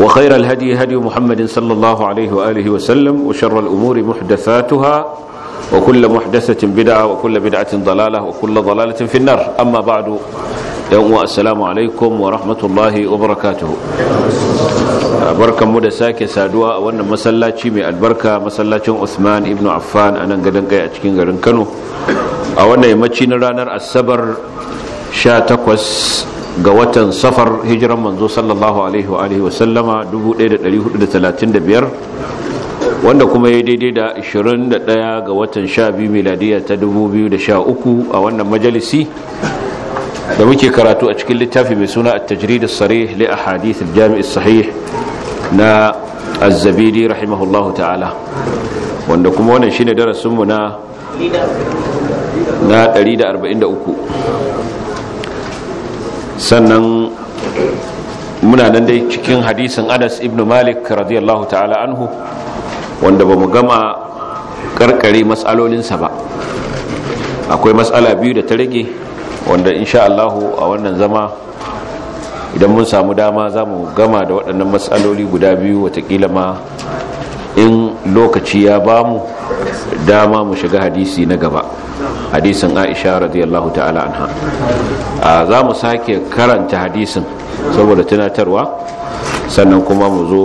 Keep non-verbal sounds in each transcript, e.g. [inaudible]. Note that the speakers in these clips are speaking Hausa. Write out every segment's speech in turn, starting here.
وخير الهدي هدي محمد صلى الله عليه وآله وسلم وشر الأمور محدثاتها وكل محدثة بدعة وكل بدعة ضلالة وكل ضلالة في النار أما بعد يوم السلام عليكم ورحمة الله وبركاته بركة مدساك سادوا وانا مسلاتي من البركة مسلاتي عثمان ابن عفان أنا قدن قيا أتكين قدن كانوا وانا يمتشين رانر السبر شاتكوس ga watan safar hijiran manzo sallallahu alaihi wa alihi wa sallama 1435 wanda kuma ya daidai da 21 ga watan 12 miladiya ta 2013 a wannan majalisi da muke karatu a cikin littafi mai suna at-tajrid as-sarih li ahadith al-jami' as-sahih na az-zabidi rahimahullahu ta'ala wanda kuma wannan shine darasin mu na na 143 sannan muna nan dai cikin hadisin anas ibn malik radiyallahu ta'ala anhu wanda ba mu gama karkare matsalolinsa ba akwai matsala biyu da ta rage wanda insha Allahu a wannan zama idan mun samu dama za mu gama da waɗannan matsaloli guda biyu watakila ma in lokaci ya bamu dama mu shiga hadisi na gaba hadisin aisha radiyallahu ta'ala anha za mu sake karanta hadisin saboda tunatarwa sannan kuma mu zo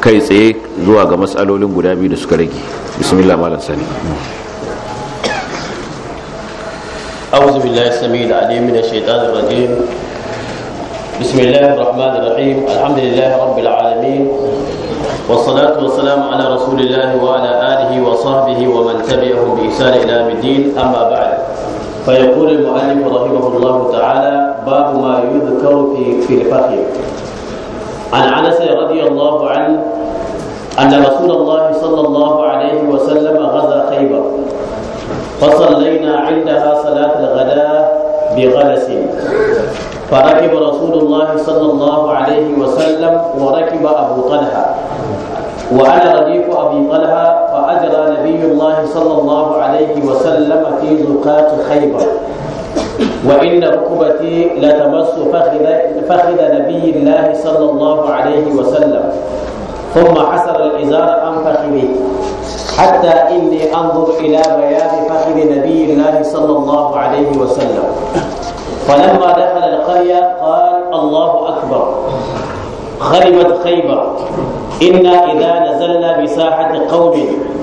kai tsaye zuwa ga matsalolin guda biyu da suka rage bismillah malam sani أعوذ بالله السميع العليم من الشيطان الرجيم بسم الله الرحمن الرحيم الحمد لله رب العالمين والصلاة والسلام على رسول الله وعلى آله وصحبه ومن تبعهم بإحسان إلى الدين أما بعد فيقول المؤلف رحمه الله تعالى باب ما يذكر في في الفخر عن أنس رضي الله عنه أن رسول الله صلى الله عليه وسلم غزا خيبر فصلينا عندها صلاة الغداء بغلس فركب رسول الله صلى الله عليه وسلم وركب أبو طلحة وأنا رديف أبي طلحة فأجرى نبي الله صلى الله عليه وسلم في زقاة خيبر وإن ركبتي لتمس فخذ, فخذ نبي الله صلى الله عليه وسلم ثم حسر الإزار عن فخذي حتى إني أنظر إلى بياض فخذ نبي الله صلى الله عليه وسلم فلما دخل القرية قال الله أكبر خربت خيبر إنا إذا نزلنا بساحة قوم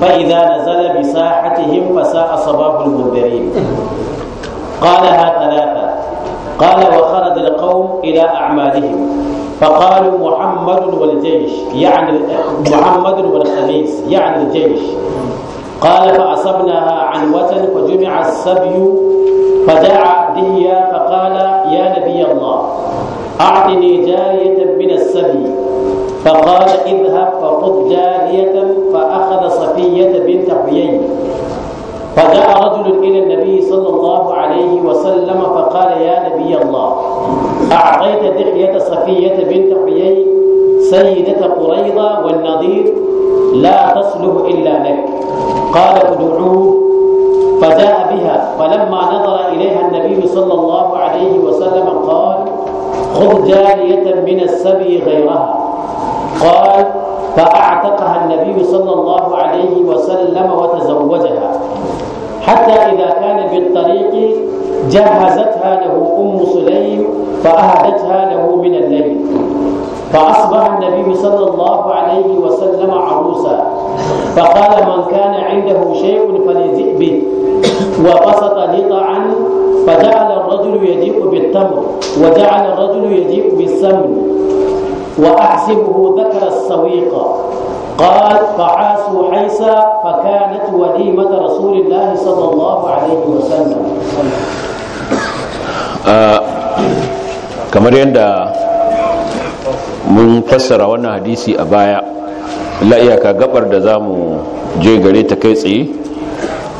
فإذا نزل بساحتهم فساء صباح المنذرين قالها ثلاثة قال وخرج القوم إلى أعمالهم فقالوا محمد والجيش يعني محمد والخميس يعني الجيش قال فأصبناها عنوة فجمع السبي فدعا عبدهما فقال يا نبي الله أعطني جارية من السبي فقال اذهب فخذ جارية فأخذ صفية بنت حيي فجاء رجل إلى النبي صلى الله عليه وسلم فقال يا نبي الله أعطيت دحية صفية بنت حيي سيدة قريضة والنظير لا تصلح إلا لك قال ادعوه فجاء بها فلما نظر إليها النبي صلى الله عليه وسلم قال خذ جارية من السبي غيرها قال فأعتقها النبي صلى الله عليه وسلم وتزوجها حتى إذا كان بالطريق جهزتها له أم سليم فأهدتها له من الليل فأصبح النبي صلى الله عليه وسلم عروسا فقال من كان عنده شيء فليزئ به وبسط لطعا فجعل الرجل يجيء بالتمر وجعل الرجل يجيء بالسمن وأحسبه ذكر السويق قال فعاسوا عيسى فكانت وليمة رسول الله صلى الله عليه وسلم kamar yadda mun fassara wannan hadisi a baya la iyaka gabar da za mu je gare ta kai tsaye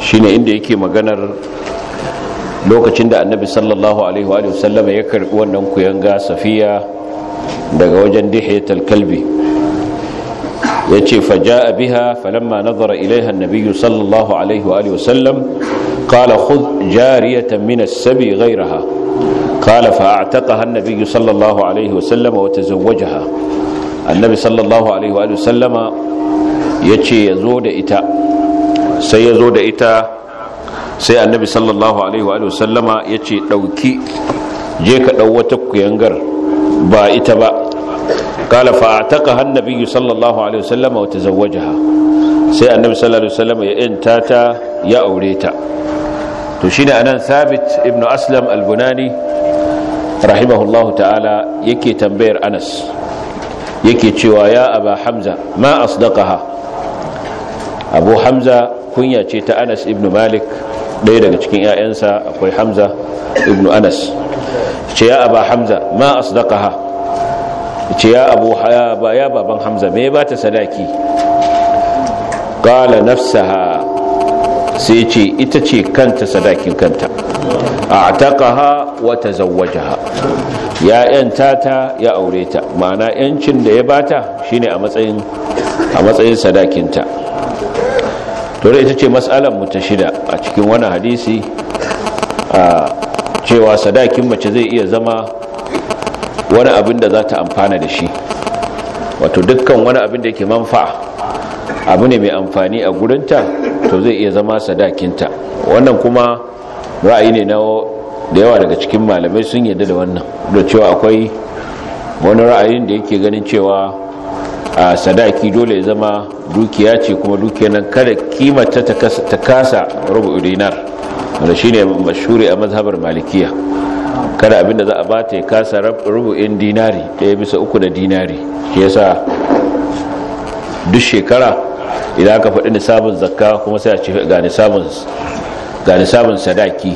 shine inda yake maganar lokacin da annabi sallallahu alaihi wa sallam ya karbi wannan kuyanga safiya daga wajen dihiyatul kalbi yace faja'a biha falamma nazara ilaiha an-nabiy sallallahu alaihi wa sallam qala khudh jariyatan min as-sabi ghayraha qala fa'ataqaha an-nabiy sallallahu alaihi wa sallam wa tazawwajaha annabi sallallahu alaihi wa sallama yace yazo da ita sai ya zo da ita sai annabi sallallahu alaihi wa sallama ya ce ɗauki je ka ɗau wata kuyangar ba ita ba kala fa'ataka hannabi sallallahu alaihi wa sallama wata zawajaha sai annabi sallallahu alaihi wa sallama ya yanta ta ya aure ta to shine anan sabit ibnu aslam al-bunani rahimahullahu ta'ala yake tambayar anas yake cewa ya aba hamza ma asdaqaha abu hamza kunya ce ta anas ibn malik ɗaya daga cikin 'ya'yansa akwai hamza ibn anas ce ya aba hamza ma asdaqaha ce ya abu ya baban hamza me ba ta sadaki qala nafsaha sai ce ita ce kanta sadakin kanta wata wa ha ya yanta ta ya aure ta ma'ana yancin da ya bata shine shi ne a matsayin sadakinta to ita ce matsalar mu ta shida a cikin wani hadisi a cewa sadakin mace zai iya zama wani abin da za ta amfana da shi wato dukkan wani abin da yake manfa abu ne mai amfani a gurinta to zai iya zama sadakinta wannan kuma ra'ayi ne na da yawa daga cikin malamai sun yadda da wannan da cewa akwai wani ra'ayin da yake ganin cewa a sadaki dole ya zama dukiya ce kuma dukiya nan kada kimata ta kasa rubu dinar wanda shi ne mashuri a mazhabar malikiya kada abinda za a ba ya kasa rubu'in dinari ɗaya bisa uku da dinari shi yasa duk shekara idan aka faɗi nisabin zakka kuma sai a ce ga nisabin sadaki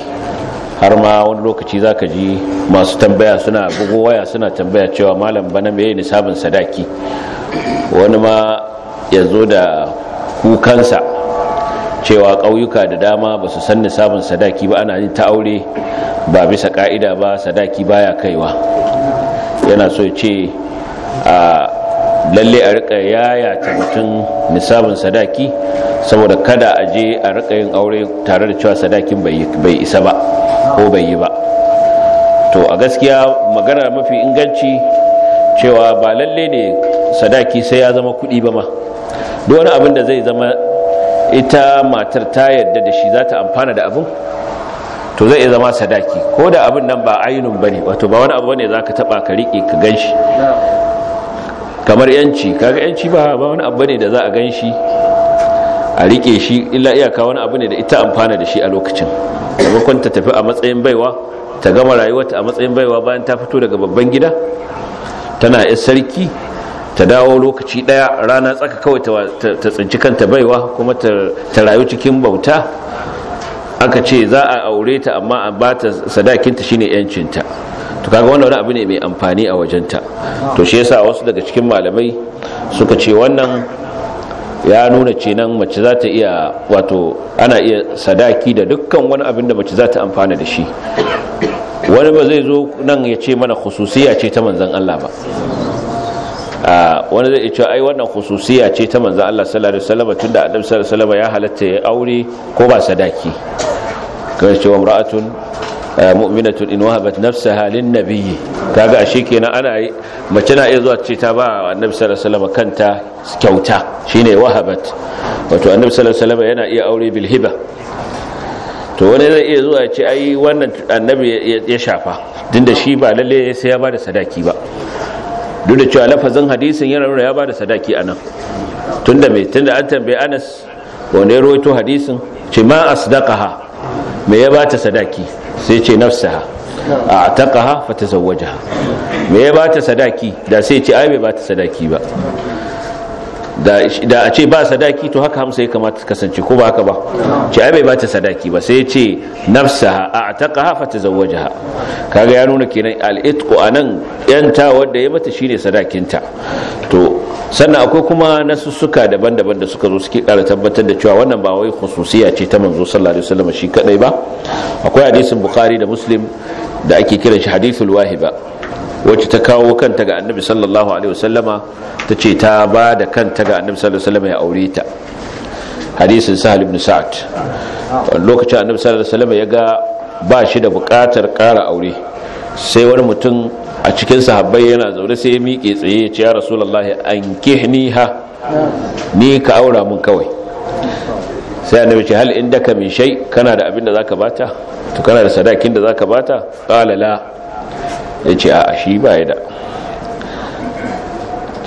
har ma wani lokaci za ka ji masu tambaya suna bugo waya suna tambaya cewa malam bana mai nisabin sadaki wani ma ya zo da kukansa cewa ƙauyuka da dama ba su san nisabin sadaki ba ana yin ta aure ba bisa ƙa'ida ba sadaki baya kaiwa yana so ce a lalle a rika yaya ta mutum nisabin sadaki saboda kada a je a rika yin aure tare da cewa sadakin bai isa ba ko bai yi ba to a gaskiya magana mafi inganci cewa ba lalle ne sadaki sai ya zama kuɗi ba ma duk abin da zai zama ita matar ta yadda da shi za ta amfana da abin to zai zama sadaki ko da abin nan ba ba ne wato ba wani abu ne za ka taba ka rike ka gan shi. kamar yanci kaga yanci ba wani abu ne da za a gan shi a rike shi illa iyaka wani abu ne da ita amfana da shi a lokacin kun ta tafi a matsayin baiwa ta gama rayuwarta a matsayin baiwa bayan ta fito daga babban gida tana yar sarki ta dawo lokaci daya rana tsaka kawai ta tsinci kanta baiwa kuma ta rayu cikin bauta aka ce za a aure ta amma a ba ta sadakinta shine yancinta to kaga wannan wani abu ne mai amfani a wajenta to shi yasa wasu daga cikin malamai suka ce wannan ya nuna nan mace za ta iya wato ana iya sadaki da dukkan wani abin da mace za ta amfana da shi wani ba zai zo nan ya ce mana khususiya ce ta manzan Allah ba wani zai ce ai wannan khususiya ce ta manzan Allah sallallahu alaihi wasallam tunda Adam sallallahu alaihi wasallam ya halatta ya aure ko ba sadaki kai ce wa imra'atun mu'minatun in wahabat nafsaha lin nabiyyi kaga ashe kenan ana yi mace na iya zuwa ce ta ba annabi sallallahu alaihi wasallam kanta kyauta shine wahabat wato annabi sallallahu alaihi wasallam yana iya aure bil hiba to wani zai iya zuwa ce ai wannan annabi ya shafa dinda shi ba lalle sai ya bada sadaki ba duk da cewa lafazin hadisin yana nuna ya bada sadaki anan tunda mai tunda an tambaye Anas wanda ya rawaito hadisin ce ma asdaqaha me ya bata sadaki sai ce nafsaha a fata fatazawwajaha me ya bata sadaki da sai ce ai bai bata sadaki ba da a ce ba sadaki to haka hamsa ya kamata ta kasance ko ba haka ba ce ai bai bata sadaki ba sai ya ce nafsaha a ataqaha fa Ka kaga ya nuna kenan alitku a anan yanta wanda ya mata shine sadakinta to sannan akwai kuma nasussuka daban-daban da suka zo suke kara tabbatar da cewa wannan ba wai khususiya ce ta manzo sallallahu alaihi wasallam shi kadai ba akwai hadisin bukhari da muslim da ake kiran shi hadithul wahiba wacce ta kawo kanta ga annabi sallallahu alaihi wasallama ta ce ta ba da kanta ga annabi sallallahu alaihi wasallama ya aure ta hadisin sahal ibn sa'ad lokacin annabi sallallahu alaihi wasallama ya ga ba shi da bukatar ƙara aure sai wani mutum a cikin sahabbai yana zaune sai ya miƙe tsaye ya ce ya rasulullahi an kihni ha ni ka aura mun kawai sai annabi ce hal indaka min shay kana da abin da zaka bata to kana da sadakin da zaka bata qala la ya ce a shi ba ya da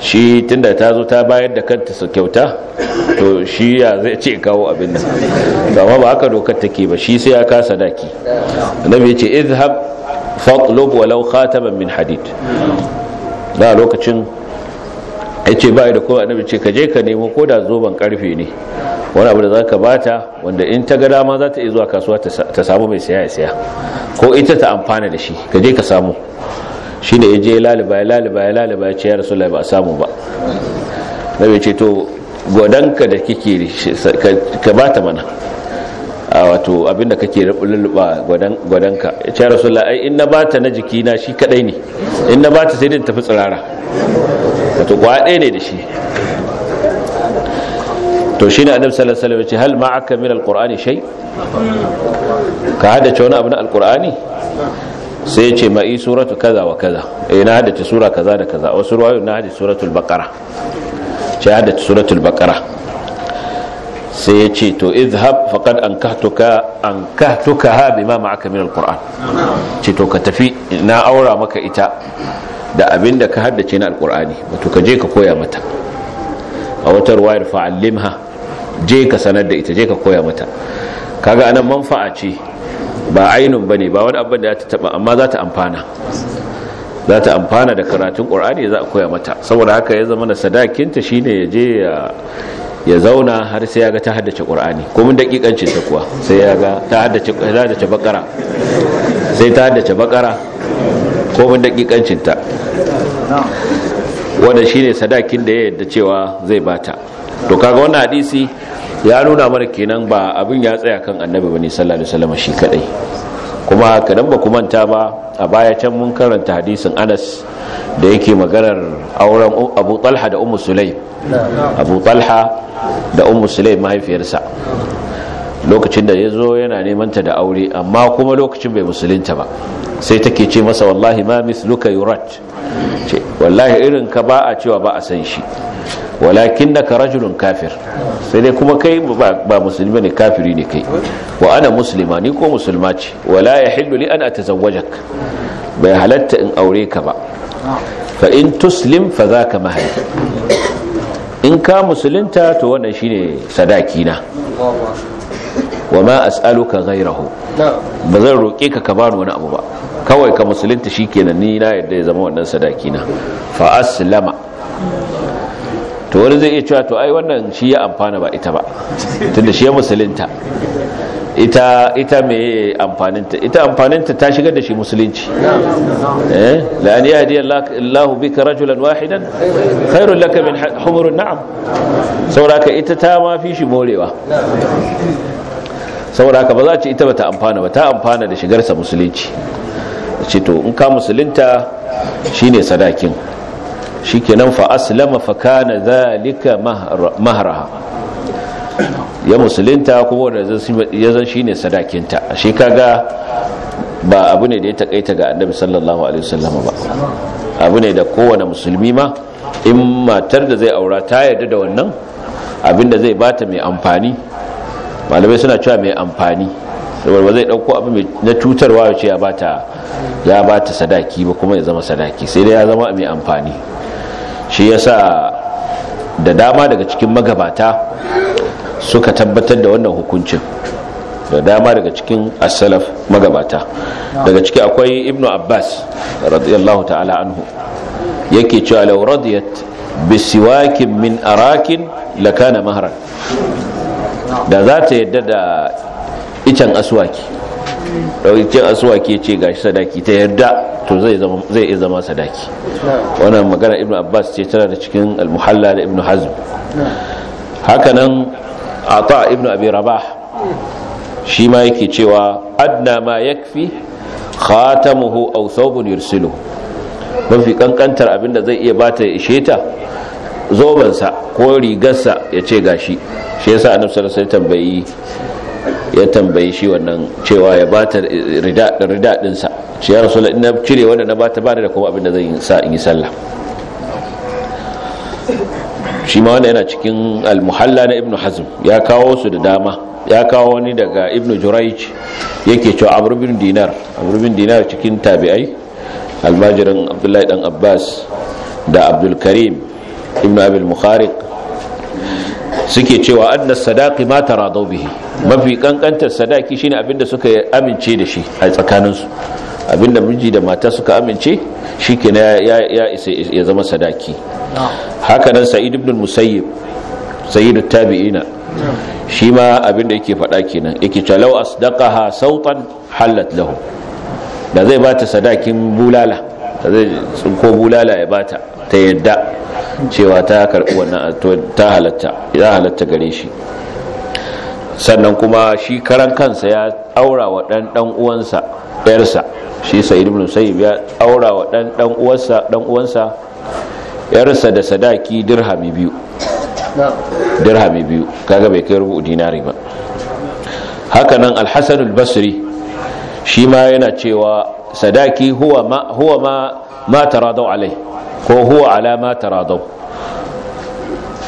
shi tunda ta zo ta bayar da kanta su kyauta to shi ya zai ce kawo abin nan amma ba haka dokar take ba shi sai ya kasa daki annabi ya ce izhab fatlub walau khataman min hadid da lokacin ya ce ba da kowa annabi ce ka je ka nemo ko da zoben karfe ne wani abu da za ka bata wanda in ta ga dama za ta iya zuwa kasuwa ta samu mai saya ya saya ko ita ta amfana da shi ka je ka samu shi ne ya je laliba ya laliba ya laliba ya ce ya rasu ba a samu ba bai ce to gwadanka da kike ka bata mana a wato abinda kake lulluɓa gwadonka ya ce rasulullah ai in na bata na jikina shi kadai ne in na bata sai din tafi tsirara wato kwa ɗaya ne da shi to shi ne annabi sallallahu alaihi wasallam ya ce hal ma'aka min alqur'ani shay ka haddace wani abu na alqur'ani sai ya ce ma ma'i suratu kaza wa kaza eh na haddace sura kaza da kaza wasu ruwayoyi na haddace suratul baqara ce haddace suratul baqara sai ya ce to izhab faqad ankahtuka ankahtuka bima ma'aka min alqur'an ce to ka tafi na aura maka ita da abin da ka haddace na alkur'ani wato ka je ka koya mata a wata ruwayar fa'allimha je ka sanar da ita je ka koya mata kaga anan manfa'a ce ba ainun bane ba wani abin da ya taba amma za ta amfana za ta amfana da karatun qur'ani za a koya mata saboda haka ya zama na sadakinta shine ya je ya zauna har sai ya ga ta haddace qur'ani ko mun dakikanci kuwa sai ya ga ta haddace ta sai ta haddace bakara komin dakikancinta wanda shi ne sadakin da ya yadda cewa zai bata to kaga wannan hadisi ya nuna mana kenan ba abin ya tsaya kan annabi bane sallallahu alaihi wasallam shi kadai kuma kadan ba ku manta ba a baya can mun karanta hadisin Anas da yake maganar auren Abu Talha da Ummu Sulaim Abu Talha da Ummu Sulaim mahaifiyarsa lokacin da ya zo yana neman ta da aure amma kuma lokacin bai musulunta ba sai take ce masa wallahi ma misluka yurat wallahi irin ka ba a cewa ba a san shi walakin naka rajulun kafir sai dai kuma kai ba musulmi ne kafiri ne kai wa ana ni ko musulma ce wala ya hillu li an atazawwajak bai halatta in aure ka ba fa in tuslim fa zaka mahal in ka musulunta to wannan shine sadaki na wa ma as'aluka ghayrahu ba zan roƙe ka ka bani wani abu ba kawai ka musulunta shikenan ni na yadda ya zama wannan sadaki na fa aslama to wani zai iya cewa to ai wannan shi ya amfana ba ita ba tunda shi ya musulunta ita ita me amfaninta ita amfaninta ta shigar da shi musulunci eh la an yahdi Allah bika rajulan wahidan khairul laka min humurun na'am saboda ita ta ma fi shi morewa saboda haka ba za ce ita ba ta amfana ba ta amfana da shigarsa musulunci ce to in ka musulunta shine sadakin shikenan fa aslama fa kana zalika mahraha ya musulunta kuma da ya zan shine sadakinta shi kaga ba abu ne da ya takaita ga annabi sallallahu alaihi wasallam ba abu ne da kowane musulmi ma in matar da zai aura ta yarda da wannan abinda zai bata mai amfani malamai suna cewa mai amfani saboda ba zai ɗauko abu na cutarwa ya ce ya bata ya bata sadaki ba kuma ya zama sadaki sai dai ya zama mai amfani shi yasa da dama daga cikin magabata suka tabbatar da wannan hukuncin da dama daga cikin asalaf magabata daga ciki akwai ibnu abbas radiyallahu ta'ala anhu yake cewa law radiyat bisiwakin min arakin lakana mahran da za ta yadda da icen aswaki ɗaukin asuwaki ce ga sadaki ta yarda to zai iya zama sadaki wannan magana ibn abbas ce tana da cikin almuhalla da ibn hazm hakanan ta ibn abi rabah shi ma yake cewa adna ma yakfi khatamuhu aw thawbun yursilu mafi kankantar abinda zai iya bata ya ishe ta Zobansa ko rigarsa ya ce gashi shi yasa annabi sallallahu alaihi tambayi ya tambayi shi wannan cewa ya bata rida rida din sa shi ya rasul ina cire wanda na bata bani da kuma abin da zan sa in yi sallah shi ma wanda yana cikin al-muhalla na ibnu hazm ya kawo su da dama ya kawo wani daga ibnu jurayj yake cewa amr bin dinar amr bin dinar cikin tabi'ai almajirin abdullahi dan abbas da abdul karim ibn abil mukhariq suke cewa adna sadaqi ma taradaw bihi mafi kankantar sadaki shine abinda suka amince da shi a tsakaninsu abinda miji da mata suka amince shikenan ya ya isa ya zama sadaki haka nan sa'id ibn musayyib sayyidu tabi'ina shi ma abinda yake faɗa kenan yake cewa law asdaqaha sautan halat lahu da zai bata sadakin bulala zai tsinko bulala ya bata ta yadda cewa ta karɓi wannan ta halatta ya halatta gare shi sannan kuma shi karan kansa ya aura wa ɗan ɗan uwansa ɗayarsa shi sa'id ibn sayyib ya aura wa ɗan ɗan uwansa ɗan uwansa yarsa da sadaki dirhami biyu dirhami biyu kaga bai kai rubu dinari ba haka nan al-hasan al-basri shi ma yana cewa sadaki huwa ma ma taradau alai ko huwa ala ma taradau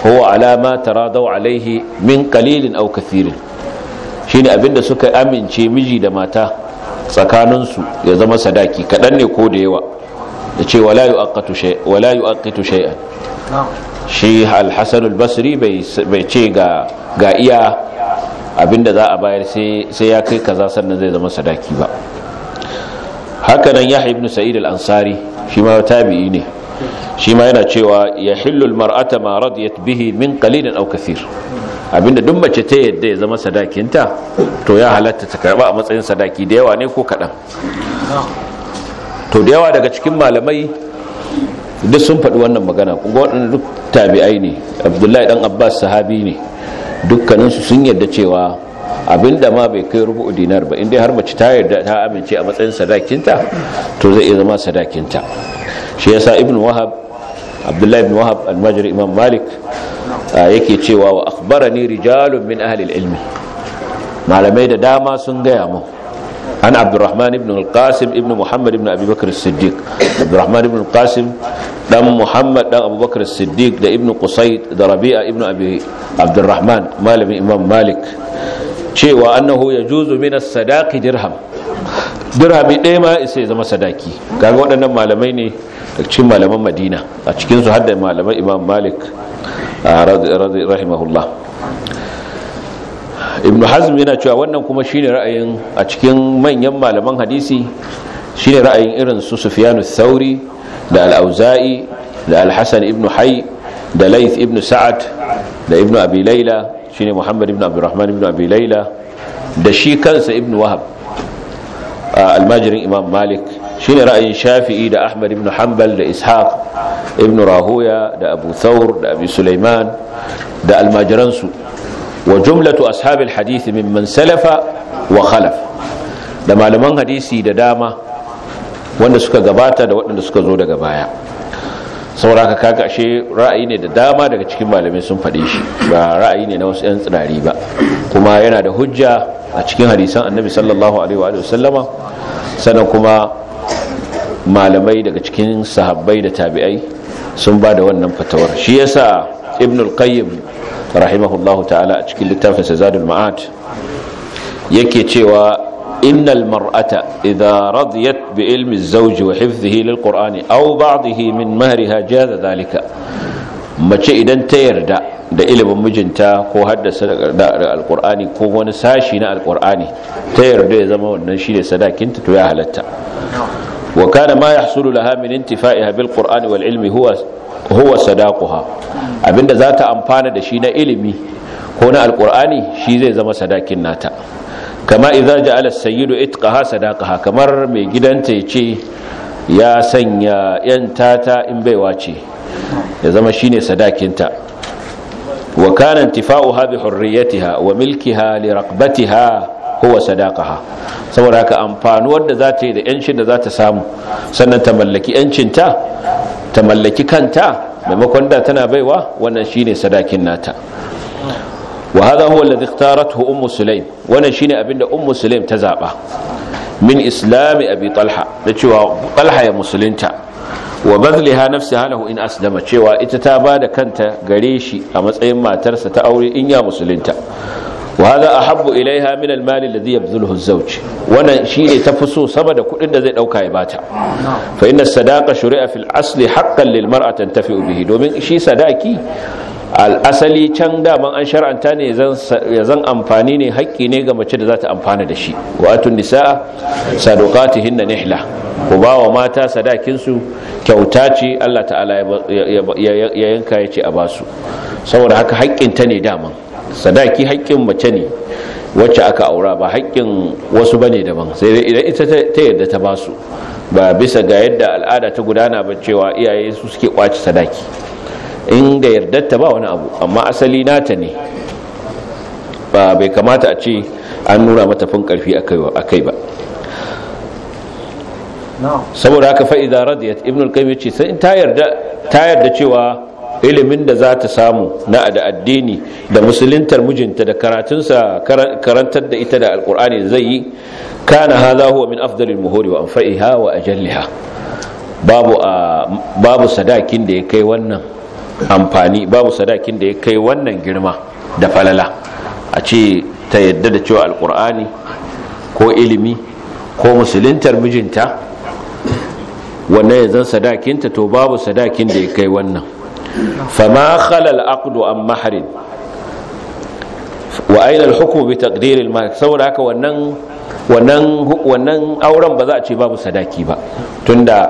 huwa ala ma taradau alaihi min qalilin aw kathirin shine abinda suka amince miji da mata tsakaninsu ya zama sadaki kadan ne ko da yawa da ce wala yuqatu shay wala shay'an shi al basri bai ce ga iya abinda za a bayar sai ya kai kaza sannan zai zama sadaki ba haka nan yahya ibn sa'id al-ansari shi ma tabi'i ne shi ma yana cewa ya hillul mar'ata ma radiyat bihi min qalilin aw kathir abinda duk mace ta yadda ya zama sadakinta to ya halatta ta karba a matsayin sadaki da yawa ne ko kadan to da yawa daga cikin malamai duk sun faɗi wannan magana kuma waɗanda duk tabi'ai ne abdullahi dan abbas sahabi ne dukkaninsu sun yarda cewa abinda ma bai kai rubu'u dinar ba inda har mace ta yarda ta amince a matsayin sadakinta to zai iya zama sadakinta shi yasa ibn wahab abdullahi ibn wahab al al-majri imam malik yake cewa wa akhbarani rijalun min ahli ilmi malamai da dama sun gaya mu an abdurrahman ibn al-qasim ibn muhammad ibn abi bakr as ibn al-qasim dan muhammad dan abubakar as da ibn qusay da rabi'a ibn abi abdurrahman malami imam malik cewa annahu yajuzu min sadaki sadaqi dirham dirhami ɗaya ma isa ya zama sadaki kaga waɗannan malamai ne cikin malaman madina a cikinsu hadda malaman imam malik rahimahullah ibn hazm yana cewa wannan kuma shine ra'ayin a cikin manyan malaman hadisi shine ra'ayin irin su sufyanu thauri da al-auza'i da al-hasan ibn hay da laith ibn sa'ad da ibn abi layla shine muhammad ibn abdurrahman ibn abi layla da shi kansa ibn wahab almajirin imam malik shine ra'ayin shafi'i da ahmad ibn hanbal da ishaq ibn rahuya da abu thawr da abi sulaiman da almajiransu wa jumlatu ashabil hadith mimman salafa wa khalaf da malaman hadisi da dama wanda suka gabata da waɗanda suka zo daga baya sauraka kaga ashe ra'ayi ne da dama daga cikin malamai sun faɗe shi ba ra'ayi ne na wasu 'yan tsirari ba kuma yana da hujja a cikin hadisan annabi sallallahu alaihi wa sallama sannan kuma malamai daga cikin sahabbai da tabi'ai sun ba da wannan fatawar shi yasa ibn qayyim rahimahullahu ta'ala a cikin littafin sa zadul ma'ad yake cewa innal mar'ata idza radiyat bi ilmi az-zawj wa hifdhihi lil qur'ani aw ba'dihi min mahriha jaza dhalika mace idan ta yarda da ilimin mijinta ko haddasa da alqur'ani ko wani sashi na alqur'ani ta yarda ya zama wannan shine sadakinta to ya halatta wa kana ma yahsulu laha min intifa'iha bil qur'ani wal ilmi huwa sadakuha. abinda za ta amfana da shi na ilimi ko na alqur'ani shi zai zama sadakin nata kama idza ja'ala as-sayyidu itqaha sadaqaha kamar mai gidanta yace ya sanya yan tata in baiwa ce ya zama shine sadakinta wa kana intifa'uha bi hurriyatiha wa milkiha li raqbatiha huwa sadaqaha saboda haka amfanuwar da za ta yi da yancin da za ta samu sannan ta mallaki yancinta ta mallaki kanta maimakon da tana baiwa wannan shine sadakin nata wa hadha huwa alladhi ikhtarathu ummu sulaim wannan shine abinda ummu sulaim ta zaba min islami abi talha da cewa talha ya musulunta wa bazliha nafsiha lahu in aslama cewa ita ta bada kanta gare shi a matsayin matarsa ta aure in ya musulunta wa hadha ahabbu ilaiha min al-mali alladhi yabdhuluhu az-zawj wannan shine tafi so sama da kudin da zai dauka ya bata fa inna sadaqa shuri'a fil asli haqqan lil mar'a tantafi bihi domin shi sadaki asali can daman an shar'anta ne ya zan amfani ne haƙƙi ne ga mace da za ta amfana da shi watun nisa'a sadukatihin na nihla ku ba wa mata su kyauta ce allah ta'ala ya yanka ya ce a basu saboda haka ta ne daman sadaki haƙƙin mace ne wacce aka aura ba haƙƙin wasu ne daban sai dai idan ita ta yarda ta basu ba bisa ga yadda al'ada ta gudana ba cewa iyaye su suke kwaci sadaki in da yardar ta ba wani abu amma asali nata ne ba bai kamata a ce an nuna mata fin a akai ba saboda haka fa'iza radiyat ibn al yace sai ta yarda cewa ilimin da za ta samu na da addini da musulintar mijinta da karatunsa karantar da ita da alkur'ani zai yi kana za huwa min afdalil muhuri wa anfa'iha wa ajalliha babu babu sadakin da ya kai wannan amfani babu sadakin da ya kai wannan girma da falala a ce ta yadda da cewa alkur'ani ko ilimi ko musulintar mijinta wannan ya sadakinta to babu sadakin da ya kai wannan فما خل العقد an maharin واين الحكم بتقدير المال saboda haka wannan wannan wannan auren ba za a ce babu sadaki ba tunda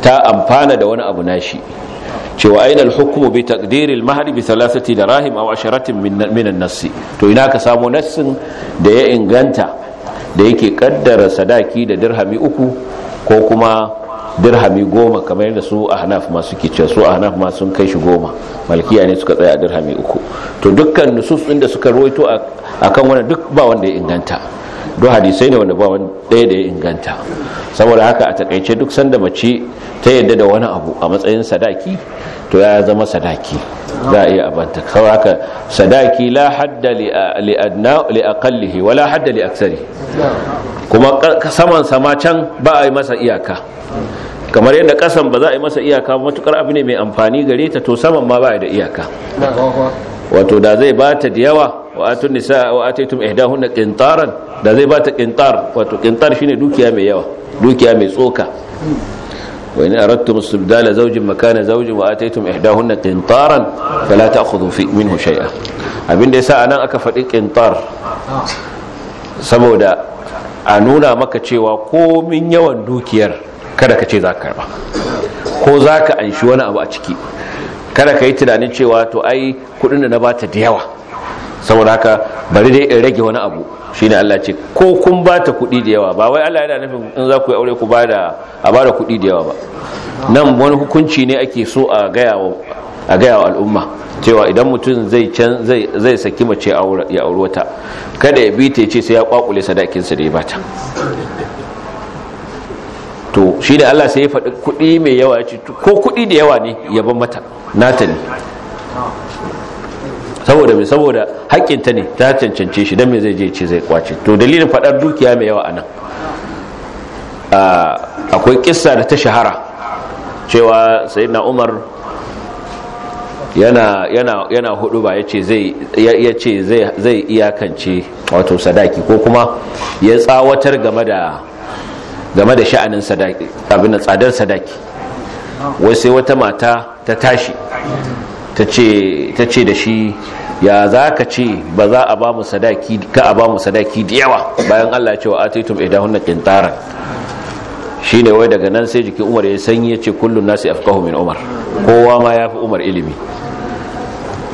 ta amfana da wani abu nashi wa aina al bi taqdir al-mahr bi thalathati dirahim aw asharatin min an-nass to ina ka samu nassin da ya inganta da yake kaddara sadaki da dirhami uku ko kuma dirhami goma kamar yadda su ahnaf masu suke su ahnaf ma sun kai shi goma malkiya ne suka tsaya a dirhami uku to dukkan nusus ɗin da suka a kan wani duk ba wanda ya inganta duk hadisai ne wanda ba wani ɗaya da ya inganta saboda haka a takaice duk sanda mace ta yadda da wani abu a matsayin sadaki to ya zama sadaki za a iya abanta kawai haka sadaki la hadda li aqallihi wala hadda li aksari kuma saman sama can ba a yi masa iyaka kamar yadda kasan ba za a yi masa iyaka ba matukar abu ne mai amfani gare ta to saman ma ba da iyaka wato da zai ba ta da yawa wa atun nisa wa ataytum ihdahunna qintaran da zai bata qintar wato qintar shine dukiya mai yawa dukiya mai tsoka wa in aradtum istibdala zawjin makana zawjin wa ataytum ihdahunna qintaran fala ta'khudhu fi minhu shay'a abinda yasa anan aka faɗi qintar saboda a nuna maka cewa komin yawan dukiyar kada ka ce za ka karba ko za ka anshi wani abu a ciki kada ka yi tunanin cewa to ai kudin da na bata da yawa saboda haka bari dai in rage wani abu shine Allah ce ko kun ba ta kuɗi da yawa ba wai Allah yana nufin in za ku yi aure ku ba da a ba da kuɗi da yawa ba nan wani hukunci ne ake so a gaya wa al'umma cewa idan mutum zai can zai saki mace ya auri wata kada ya bi ta ce sai ya kwakule sadakin sa da ya bata to shi da Allah sai ya faɗi kuɗi mai yawa ya ce ko kuɗi da yawa ne ya ban mata nata ne saboda mai saboda ta ne ta cancance shi don mai zai je ce zai kwace to dalilin faɗar dukiya mai yawa a nan akwai kissa da ta shahara cewa na umar yana hudu ba ya ce zai iyakance wato sadaki ko kuma ya tsawatar game da sha'anin sadaki abin tsadar sadaki wai sai wata mata ta tashi ta ce da shi ya za ka ce ba za a ba mu sadaki ka a ba mu sadaki da yawa bayan Allah ya cewa a taitum idahunna qintaran shine wai daga nan sai jikin Umar ya sanyi ya ce kullun nasi afqahu min Umar kowa ma yafi Umar ilimi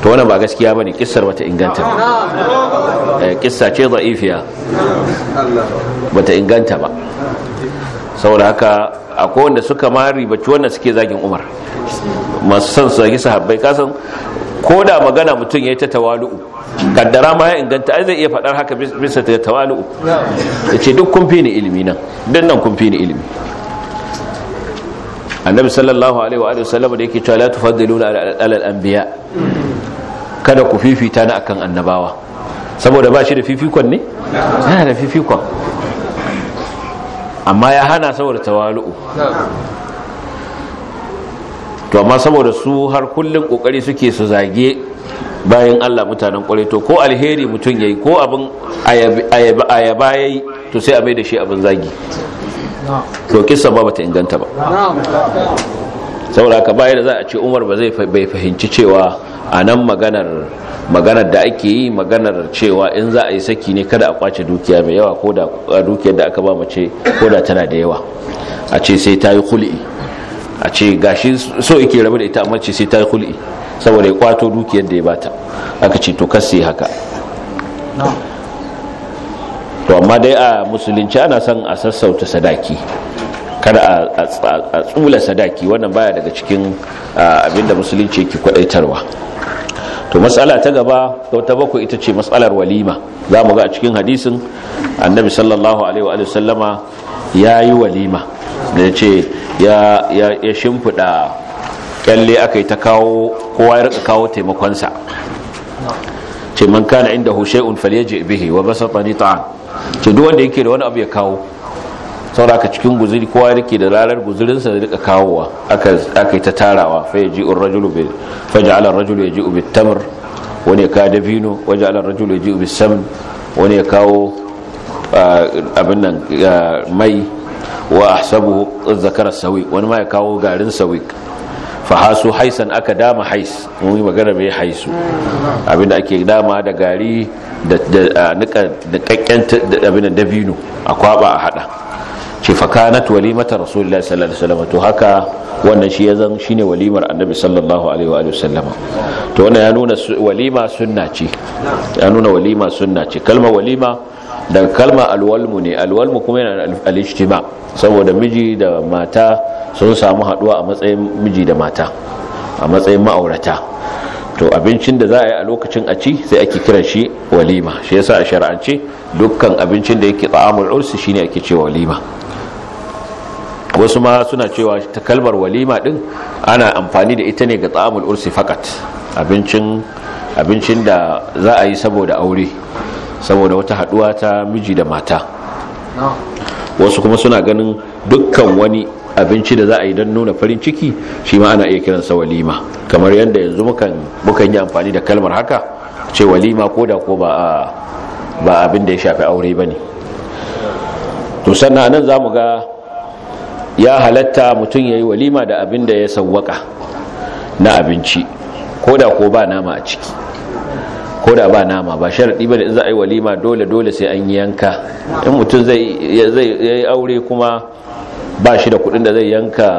to wannan ba gaskiya bane kissar bata inganta ba eh, kissa ce da'ifiya bata inganta ba saboda haka akwai wanda suka mari bacci wanda suke zagin umar masu son su zagi sahabbai kasan ko da magana mutum ya yi ta tawalu'u kaddara ma ya inganta ai zai iya faɗar haka bisa ta tawalu'u ya ce duk kumfi ne ilimi nan duk nan kumfi ne ilimi annabi sallallahu alaihi wa sallam da yake cewa la tufaddilu alal anbiya kada ku fifita na akan annabawa saboda ba shi da fifikon ne yana da fifikon amma ya hana saboda tawalu'u to amma saboda su har kullum kokari suke su zage bayan Allah mutanen kwarai to ko alheri mutum yayi ko abin ayaba yayi to sai a mai da shi abin zagi to kissa ba bata inganta ba saboda ka bayar da za a ce umar ba zai bai fahimci cewa a nan maganar maganar da ake yi maganar cewa in za a yi saki ne kada a kwace dukiya mai yawa ko da dukiyar da aka ba mace ko da tana da yawa a ce sai ta yi kul'i a ce gashi so yake rabu da ita amma ce sai ta yi kul'i saboda ya kwato dukiyar da ya bata aka ce to kasi haka to amma dai a musulunci ana son a sassauta sadaki kada a tsula sadaki wannan baya daga cikin abinda musulunci yake kwadaitarwa to matsala ta gaba ta bakwai ita ce matsalar walima za mu ga a cikin hadisin annabi sallallahu alaihi wa sallama ya yi walima da ya ce ya shimfiɗa kyalle aka yi ta kawo kowa ya rika kawo taimakonsa ce man kana inda hushe'un falyaji bihi wa basata ni ta'an ce duk wanda yake da wani abu ya kawo aka cikin guziri kowa rike da ranar guzirinsa da rika kawowa aka yi ta tarawa fa ya ji'un rajulu bai faja'alar rajulu ya ji'u bitamar wani ya kawo dabino waja'alar rajulu yaji bi bisamin wani ya kawo abin nan mai wa ahsabu zakara sawi wani ma ya kawo garin sawi hasu haisan aka dama hais mun yi magana mai haisu abinda ake dama da gari da nika da kakken abin da vino a kwaba a hada ce fakanat walimata rasulullahi sallallahu alaihi wasallam to haka wannan shi yazan shine walimar annabi sallallahu alaihi wa sallama to wannan ya nuna walima sunna ce ya nuna walima sunna ce kalmar walima daga kalmar alwalmu ne alwalmu kuma yana al-ijtima saboda miji da mata sun samu haduwa a matsayin miji da mata a matsayin ma'aurata to abincin da za a yi a lokacin a ci sai ake kiran shi walima shi yasa a shari'ance dukkan abincin da yake ta'amul ursi shine ake cewa walima wasu ma suna cewa ta kalmar walima din ana amfani da ita ne ga tsamul ursi fakat abincin da za a yi saboda aure saboda wata haduwa ta miji da mata wasu kuma suna ganin dukkan wani abinci da za a yi don nuna farin ciki shi ma ana iya kiransa walima kamar yadda yanzu mukan yi amfani da kalmar haka ce walima ko da ko ba abin da ya shafi aure ba ne sannan nan za mu ga ya halatta mutum ya yi walima da abin da ya sawwaka na abinci ko da ko ba nama a ciki ko da ba nama ba sharaɗi ba da in za a yi walima dole dole sai an yi yanka in mutum zai yi aure kuma ba shi da kudin da zai yanka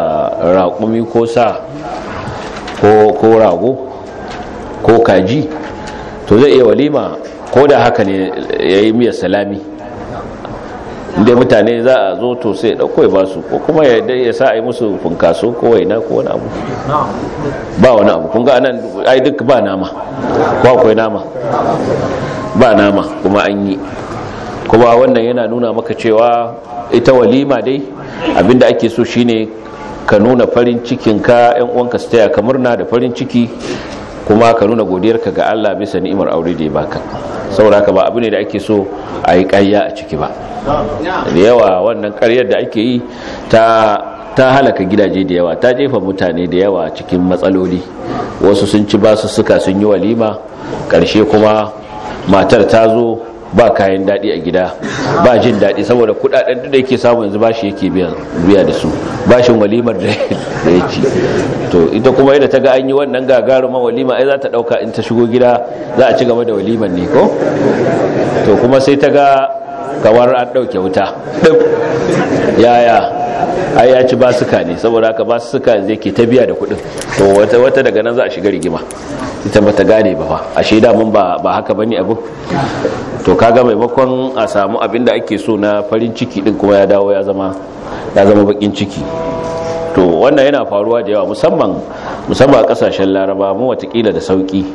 raƙumi ko sa ko rago ko kaji to zai iya walima ko da haka ne ya yi miyar salami inda mutane za a zo to sai ɗauko ya ba su ko kuma ya ya sa a yi musu funkaso ko waina ko wani abu ba wani abu kun ga nan ai duk ba nama ba akwai nama ba nama kuma an yi kuma wannan yana nuna maka cewa ita walima dai abinda ake so shine ka nuna farin cikin ka yan uwanka su taya ka murna da farin ciki kuma ka nuna godiyarka ga Allah bisa ni'imar aure da ya baka saboda ka ba abu ne da ake so a yi ƙarya a ciki ba da yawa wannan karyar da ake yi ta ta halaka gidaje da yawa ta jefa mutane da yawa cikin matsaloli wasu sun ci basu suka sun yi walima ƙarshe kuma matar ta zo ba kayan daɗi a gida ba jin daɗi saboda kuɗaɗen duk da yake samu yanzu bashi yake biya da su bashin walimar [laughs] da ya ci to ita kuma yadda ta ga an yi wannan gagarumin walima ai za ta ɗauka in ta shigo gida za a ci gaba da walimar ne ko to kuma sai ta ga kawar an ɗauke wuta yaya ai ya ci basika ne saboda haka suka zai ke ta biya da kuɗin to wata daga nan za a shiga rigima ita ba ta gane ba fa ashe da mun ba ba haka bane to kaga maimakon a samu abin da ake so na farin ciki din kuma ya dawo ya zama ya zama bakin ciki to wannan yana faruwa da yawa musamman musamman a kasashen laraba mu watakila da sauki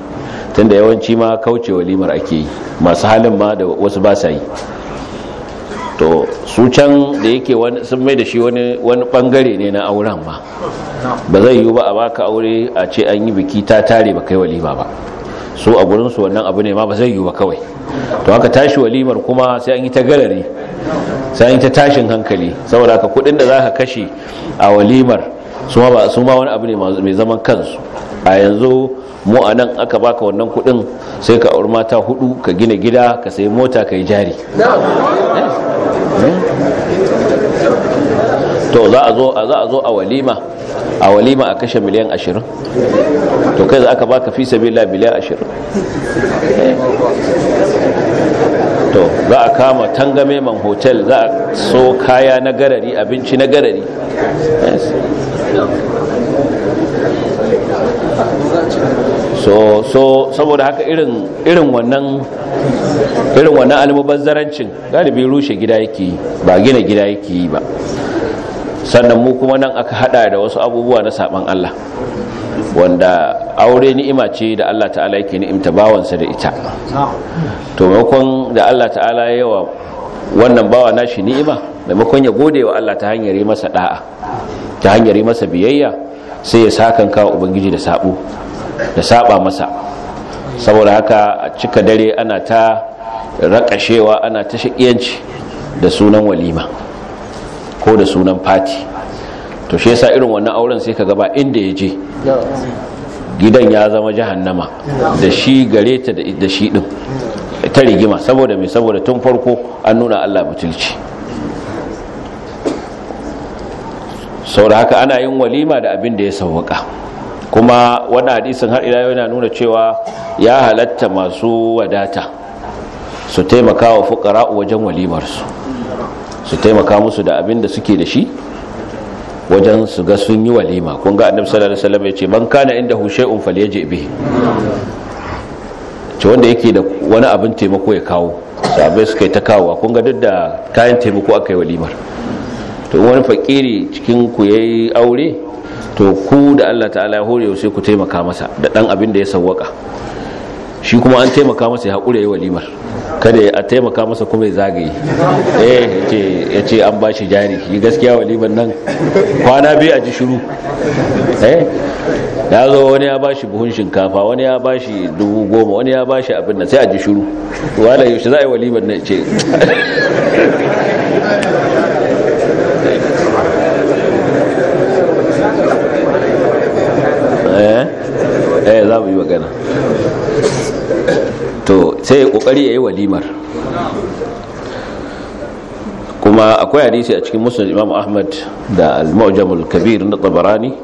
tunda yawanci ma kaucewa limar ake yi masu halin ma da wasu ba sa yi to su can da yake sun mai da shi wani bangare ne na auren ma ba zai yiwu ba a baka aure a ce an yi biki ta tare ba kai walima ba su a gurinsu wannan abu ne ma ba zai yiwu ba kawai to haka tashi walimar kuma sai an yi ta galari sai an yi ta tashin hankali saboda ka kudin da za ka kashe a walimar su ma wani abu ne mai zaman kansu a yanzu mu a nan aka baka wannan kudin sai ka auri mata hudu ka gina gida ka sayi mota ka yi jari to za a zo a za a zo a walima a walima a kashe miliyan 20 to kai za aka baka fi sabila miliyan 20 eh. to za a kama tangame man hotel za a so kaya na garari abinci na garari so so saboda haka irin irin wannan irin wannan almubazzarancin galibi rushe gida yake ba gina gida yake ba sannan mu kuma nan aka hada da wasu abubuwa na saban Allah wanda aure ni'ima ce da Allah ta'ala yake ni'imta bawansa da ita to maimakon da Allah ta'ala yawa wannan bawa nashi ni'ima maimakon ya gode wa Allah ta hanyar yi masa da'a ta hanyar yi masa biyayya sai ya sakan kawo ubangiji da sabo da saba masa saboda haka a cika dare ana ta rakashewa ana ta shaƙiyanci da sunan walima ko da sunan fati to shi yasa irin wannan auren sai ka gaba inda ya je gidan ya zama jahannama da shi gare ta da shi din ta rigima saboda mai saboda tun farko an nuna Allah butulci sau haka ana yin walima da abin da ya sauwaka kuma wannan hadisin har ila yana nuna cewa ya halatta masu wadata su taimaka wa fukara wajen walimarsu su taimaka musu da abin da suke da shi wajen su ga sun yi walima kun ga annabi sallallahu alaihi wasallam ce, man kana inda hu shay'un falyaji bihi ce wanda yake da wani abin taimako ya kawo sabai suka yi ta kawo kun ga duk da kayan taimako aka yi walimar to wani fakiri cikin ku yayi aure to ku da Allah ta'ala ya hore sai ku taimaka masa da dan abin da ya sawwaka shi kuma an taimaka masa ya haƙura yi walimar kada ya taimaka masa kuma ya zagaye eh ya ce an ba shi jari yi gaskiya walimar nan kwana biyu a ji shiru eh ya zo wani ya ba shi buhun shinkafa wani ya ba shi dubu goma wani ya ba shi abin da sai a ji shiru wala yaushe za a yi walimar nan ce sai ya kokari ya yi walimar kuma akwai hadisi a cikin musulun imam ahmad da al-mu'jamul kabir na tabarani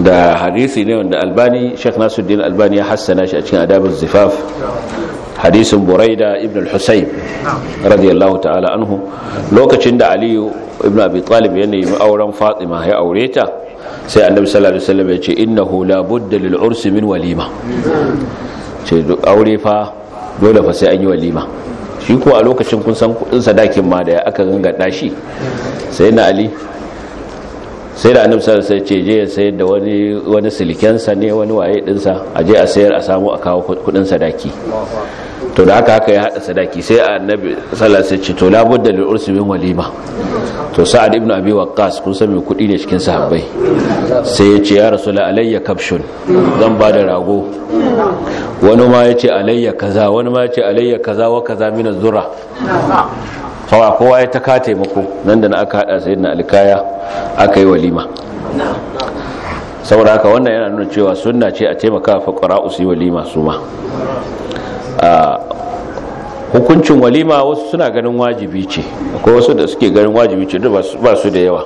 da hadisi ne wanda albani sheikh nasuddin albani ya hassana shi a cikin adabin zifaf hadisin buraida ibn al-husayb radiyallahu ta'ala anhu lokacin da aliyu ibn abi talib ya nemi auren fatima ya aure ta sai annabi sallallahu alaihi wasallam ya ce innahu hula budda lil min walima ce aure fa dole ba sai an yi walima shi kuwa a lokacin kun san kudin sadakin ma da ya aka gangada shi sai na ali sai da annabta sai ce je ya sayar da wani wani silikensa ne wani waye dinsa a je a sayar a samu a kawo kudin sadaki to da haka haka ya hada sadaki sai annabi sallallahu alaihi to labudda lil ursi min walima to sa'ad ibn abi waqqas kun san me kudi ne cikin sahabbai sai ya ce ya rasul alayya kabshun zan ba da rago wani ma ya ce alayya kaza wani ma ya ce alayya kaza wa kaza min az-zura kowa ya ta ka taimako nan da na aka hada sayyidina alkaya aka yi walima saboda haka wannan yana nuna cewa sunna ce a taimaka fa qara'u walima su ma hukuncin walima wasu suna ganin wajibi ce ko wasu da suke ganin wajibi ce ba su da yawa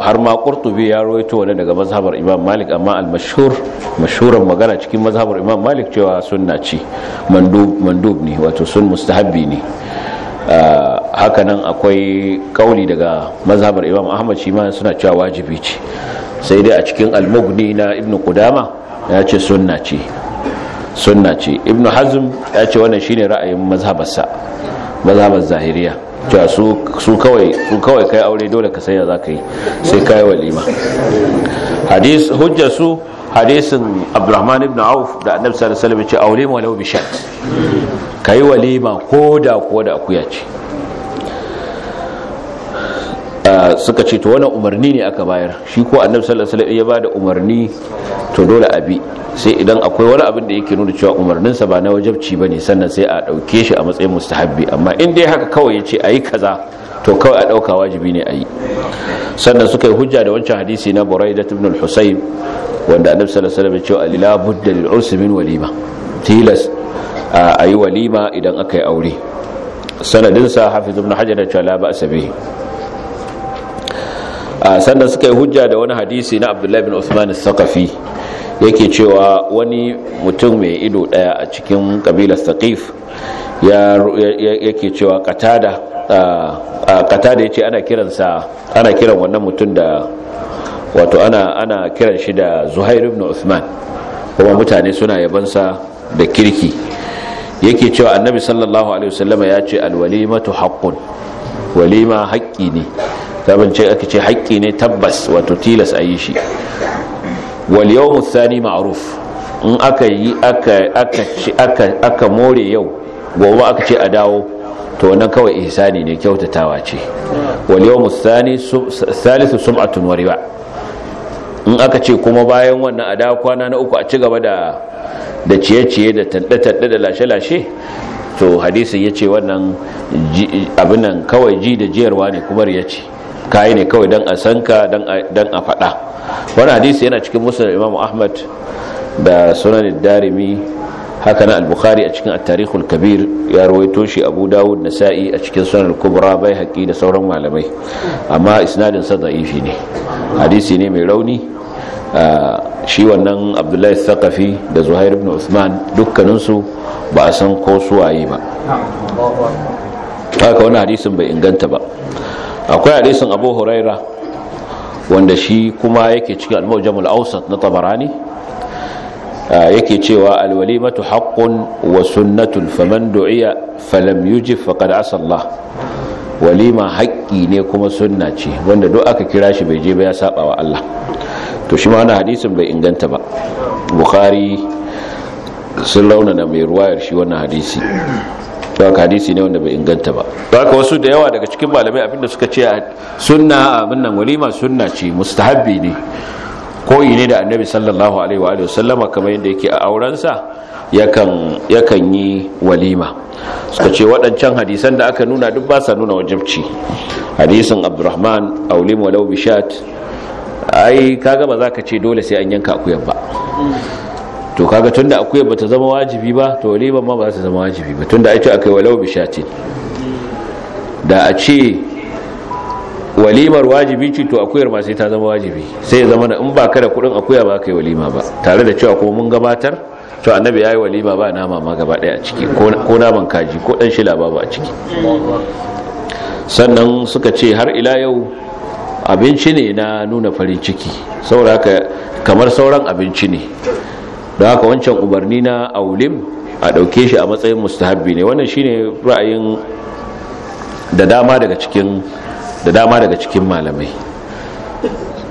har ma kurtubi ya roito wani daga mazhabar imam malik amma al-mashhur mashhuran magana cikin mazhabar imam malik cewa sunna ce mandub mandub ne wato sun mustahabbi ne hakanan akwai kauli daga mazhabar imam ahmad shi ma suna cewa wajibi ce sai dai a cikin al-mughni na ibnu qudama ya ce sunna ce sunna ce ibn hazm ya ce wannan shine ra'ayin mazhabarsa mazhabar zahiriya cewa su kawai su kawai kai aure dole ka sanya zaka yi sai kai walima hadis hujja su hadisin abdurrahman ibn auf da annabi sallallahu alaihi wasallam ya ce aure walau bi shart kai walima ko da ko da akuya ce suka ce to wannan umarni ne aka bayar shi ko annabi sallallahu alaihi wasallam ya bada umarni to dole a bi sai idan akwai wani abin da yake nuna cewa umarnin sa ba na wajibci bane sannan sai a dauke shi a matsayin mustahabbi amma in dai haka kawai yace ayi kaza to kawai a dauka wajibi ne ayi sannan suka yi hujja da wancan hadisi na Buraida ibn al-Husayb wanda annabi sallallahu alaihi wasallam ya ce alila budda lil min walima tilas ayi walima idan aka yi aure sanadinsa hafiz ibn hajar ya ce la ba'sa bihi sannan suka yi hujja da wani hadisi na abdullahi bin usman sakafi yake cewa wani mutum mai ido daya a cikin kabilar saqif yake cewa katada katada yace ana kiransa ana kiran wannan mutum da wato ana kiran shi da zuhair ibn usman kuma mutane suna yabansa da kirki yake cewa annabi sallallahu alaihi wasallama ya ce alwalimatu haqqun walima haqqi ne tabance aka ce haƙƙi ne tabbas wato tilas a yi shi wal yau musani ma'ruf in aka yi aka more yau gobe aka ce a dawo to wannan kawai ihsani ne kyautatawa ce wal musani salisu thalithu sum'atun wa riba in aka ce kuma bayan wannan a dawo kwana na uku a ci gaba da da ciye-ciye da talle da lashe-lashe to hadisi ya ce wannan abinan kawai ji da jiyarwa ne kuma riya ce kayi ne kawai don a sanka don a faɗa wani hadisi yana cikin musulun imamu ahmad da sunanin darimi haka na al-bukhari a cikin tarihul kabir ya rawaito shi abu dawud sa'i a cikin sunan al-kubra bai haƙi da sauran malamai amma isnadin sa da'ifi ne hadisi ne mai rauni shi wannan abdullahi Saƙafi da zuhair ibn usman dukkaninsu ba a san ko suwaye ba haka wani hadisin bai inganta ba akwai hadisin abu huraira wanda shi kuma yake cikin al-mujamul awsat na tabarani ah, yake cewa alwalimatu haqqun wa sunnatun faman du'iya falam yujib faqad asa Allah walima haƙƙi ne kuma sunna ce wanda duk aka kira shi bai je ba ya saba wa Allah to shi ma wannan hadisin bai inganta ba bukhari sun launa da mai ruwayar shi wannan hadisi to hadisi ne wanda bai inganta ba haka wasu da yawa daga cikin malamai abinda suka ce sunna abin nan walima sunna ce mustahabbi ne koyi ne da annabi sallallahu alaihi wa wasallama kamar yadda yake a sa yakan yakan yi walima suka ce waɗancan hadisan da aka nuna duk ba sa nuna wajibci hadisin abdurrahman aulim walau bishat ai kaga ba za ka ce dole sai an yanka akuyar ba to kaga tunda akuyar bata zama wajibi ba to waliban ma ba za ta zama wajibi ba tunda ita akai walau bi shati. da a ce walimar wajibi ce to akuyar ma sai ta zama wajibi sai ya zama na in ba ka da kudin akuya ba kai walima ba tare da cewa kuma mun gabatar to annabi yayi walima ba nama ma gaba daya a ciki ko naman kaji ko dan shila babu a ciki sannan suka ce har ila yau abinci ne na nuna farin ciki saboda kamar sauran abinci ne don haka wancan umarni na aulim a ɗauke shi a matsayin mustahabbi ne wannan shine ra'ayin da dama daga cikin da dama daga cikin malamai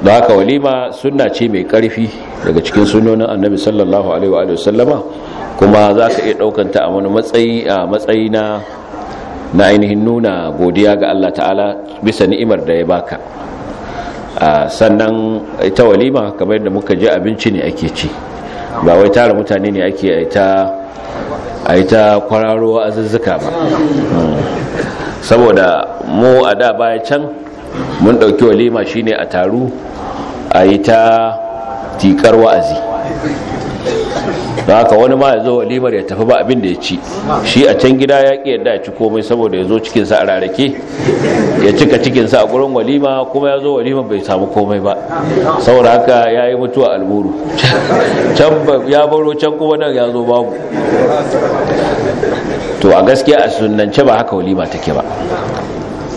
da haka walima sunna ce mai karfi daga cikin sunonin annabi sallallahu alaihi wa sallama kuma za ka iya ɗaukanta a wani matsayi a matsayi na na ainihin nuna godiya ga Allah ta'ala bisa ni'imar da ya baka sannan ita walima kamar yadda muka ji abinci ne ake ci ba wai tara mutane ne ake a yi ta kwararo azuzzuka ba hmm. saboda mu a da baya can mun ɗauki walima shine a taru a yi ta tikar wa'azi da haka wani ma ya zo walimar ya tafi ba abin da ya ci shi a can gida ya ƙi yadda ya ci komai saboda ya zo cikinsa a rarrake ya cika cikinsa a gurin walima kuma ya zo walimar bai samu komai ba saboda haka ya yi mutuwa alburu ya baro can kuma nan ya zo babu to a gaskiya a sunance ba haka walima take ba